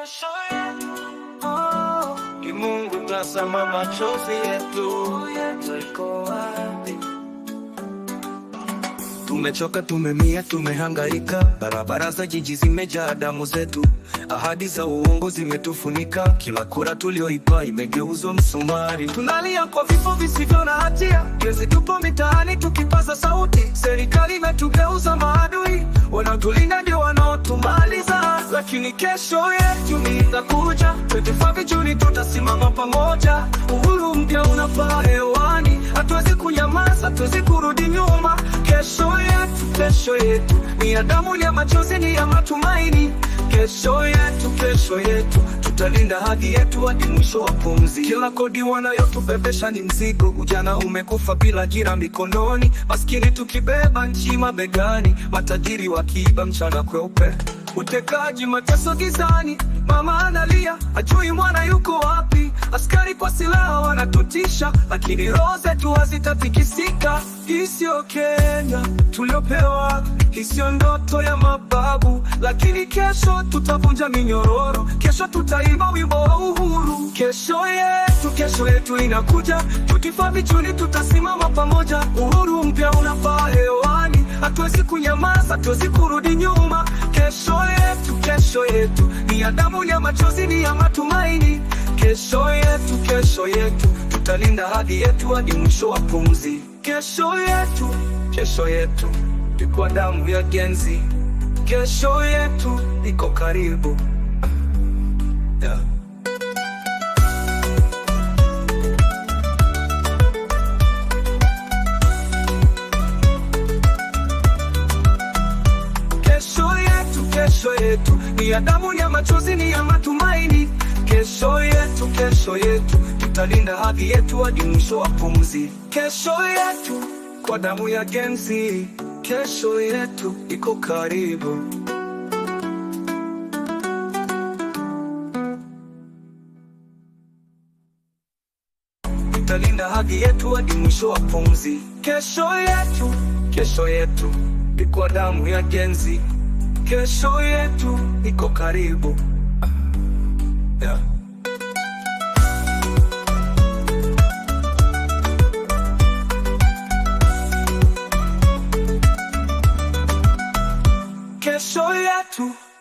kesho oh, Kimungu tasama machozi yetu tuko wapi? Tumechoka, tumemia, tumehangaika, barabara za jiji zimejaa damu zetu, ahadi za uongo zimetufunika, kila kura tulioipa imegeuzwa msumari. Tunalia kwa vifo visivyo na hatia, kesi tupo mitaani tukipaza sauti, serikali imetugeuza maadui lakini kesho yetu inakuja. Vichuni tutasimama pamoja, uhuru mpya unapaa hewani. Hatuwezi kunyamaza, hatuwezi kurudi nyuma. Kesho yetu, kesho yetu ni ya damu, ni ya machozi, ni ya matumaini. Kesho yetu, kesho yetu tutalinda haki yetu hadi mwisho wa pumzi. Kila kodi wanayotubebesha ni mzigo. Ujana umekufa bila ajira mikononi, maskini tukibeba nchi mabegani, matajiri wakiiba mchana kweupe utekaji, mateso gizani, mama analia, ajui mwana yuko wapi. Askari kwa silaha wanatutisha, lakini roho zetu hazitatikisika. Hii siyo Kenya tuliopewa, hii siyo ndoto ya mababu, lakini kesho tutavunja minyororo, kesho tutaimba wimbo wa uhuru. Kesho yetu, kesho yetu inakuja, tukifaa vichuni, tutasimama pamoja. Uhuru mpya unapaa hatuwezi kunyamaza, hatuwezi kurudi nyuma. Kesho yetu, kesho yetu ni ya damu, ya machozi, ni ya matumaini. Kesho yetu, kesho yetu tutalinda hadi yetu hadi mwisho wa pumzi. Kesho yetu, kesho yetu tukwa damu ya genzi. Kesho yetu iko karibu, yeah. kesho yetu ni ya damu, ni ya machozi, ni ya matumaini. Kesho yetu, kesho yetu, tutalinda haki yetu hadi mwisho wa pumzi. Kesho yetu kwa damu ya Gen Z, kesho yetu iko karibu. Tutalinda haki yetu hadi mwisho wa pumzi. Kesho yetu, kesho yetu, ni kwa damu ya Gen Z kesho yetu iko karibu yeah. Kesho yetu